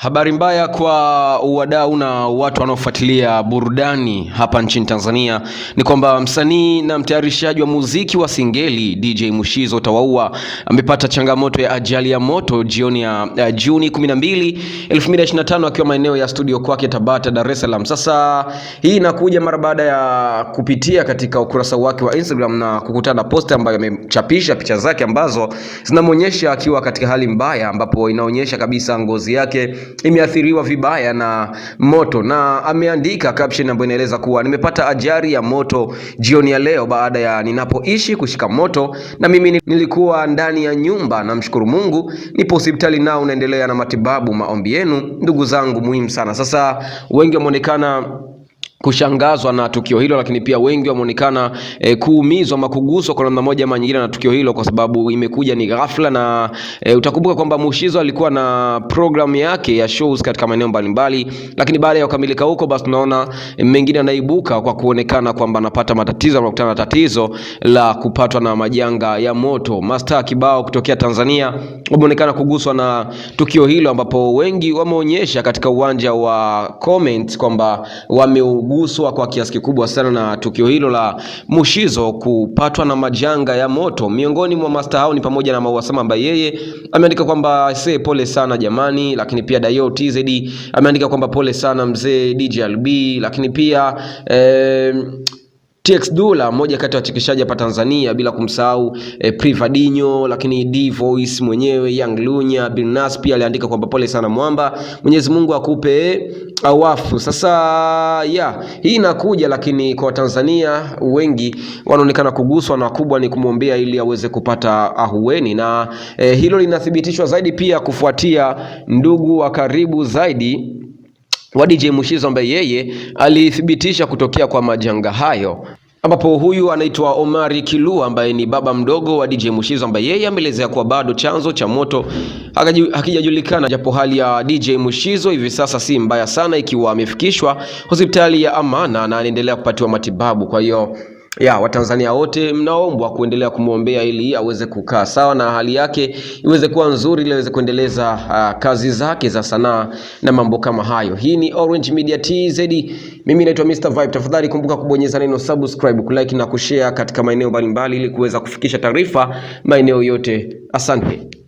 Habari mbaya kwa wadau na watu wanaofuatilia burudani hapa nchini Tanzania ni kwamba msanii na mtayarishaji wa muziki wa Singeli DJ Mushizo Tawaua amepata changamoto ya ajali ya moto jioni ya uh, Juni 12, 2025 akiwa maeneo ya studio kwake Tabata, Dar es Salaam. Sasa hii inakuja mara baada ya kupitia katika ukurasa wake wa Instagram na kukutana na posti ambayo amechapisha picha zake ambazo zinamwonyesha akiwa katika hali mbaya, ambapo inaonyesha kabisa ngozi yake imeathiriwa vibaya na moto, na ameandika caption ambayo inaeleza kuwa nimepata ajali ya moto jioni ya leo baada ya ninapoishi kushika moto, na mimi nilikuwa ndani ya nyumba. Namshukuru Mungu nipo hospitali nao unaendelea na matibabu. Maombi yenu ndugu zangu muhimu sana. Sasa wengi wameonekana kushangazwa na tukio hilo, lakini pia wengi wameonekana e, kuumizwa ama kuguswa kwa namna moja ama nyingine na tukio hilo, kwa sababu imekuja ni ghafla. Na e, utakumbuka kwamba Mushizo alikuwa na programu yake ya shows katika maeneo mbalimbali, lakini baada ya kukamilika huko, basi tunaona e, mengine anaibuka kwa kuonekana kwamba anapata matatizo, anakutana na tatizo la kupatwa na majanga ya moto. Mastaa kibao kutokea Tanzania wameonekana kuguswa na tukio hilo, ambapo wengi wameonyesha katika uwanja wa comments kwamba wame kuguswa kwa kiasi kikubwa sana na tukio hilo la Mushizo kupatwa na majanga ya moto. Miongoni mwa masta hao ni pamoja na Mauasama ambaye yeye ameandika kwamba se pole sana jamani, lakini pia Dayo TZ ameandika kwamba pole sana mzee DJLB, lakini pia eh, TX Dula mmoja kati ya wachekeshaji hapa Tanzania, bila kumsahau eh, Privadinho, lakini D Voice mwenyewe Young Lunya Bilnas pia aliandika kwamba pole sana mwamba, Mwenyezi Mungu akupe eh, awafu. Sasa ya hii inakuja, lakini kwa Watanzania wengi wanaonekana kuguswa na kubwa ni kumwombea ili aweze kupata ahueni, na eh, hilo linathibitishwa zaidi pia kufuatia ndugu wa karibu zaidi wa DJ Mushizo ambaye yeye alithibitisha kutokea kwa majanga hayo ambapo huyu anaitwa Omari Kilua ambaye ni baba mdogo wa DJ Mushizo ambaye yeye ameelezea kuwa bado chanzo cha moto hakijajulikana, japo hali ya DJ Mushizo hivi sasa si mbaya sana, ikiwa amefikishwa hospitali ya Amana na anaendelea kupatiwa matibabu. Kwa hiyo ya Watanzania wote mnaombwa kuendelea kumwombea ili aweze kukaa sawa na hali yake iweze kuwa nzuri, ili aweze kuendeleza uh, kazi zake za sanaa na mambo kama hayo. Hii ni Orange Media TZ, mimi naitwa Mr Vibe. Tafadhali kumbuka kubonyeza neno subscribe, kulike na kushare katika maeneo mbalimbali, ili kuweza kufikisha taarifa maeneo yote. Asante.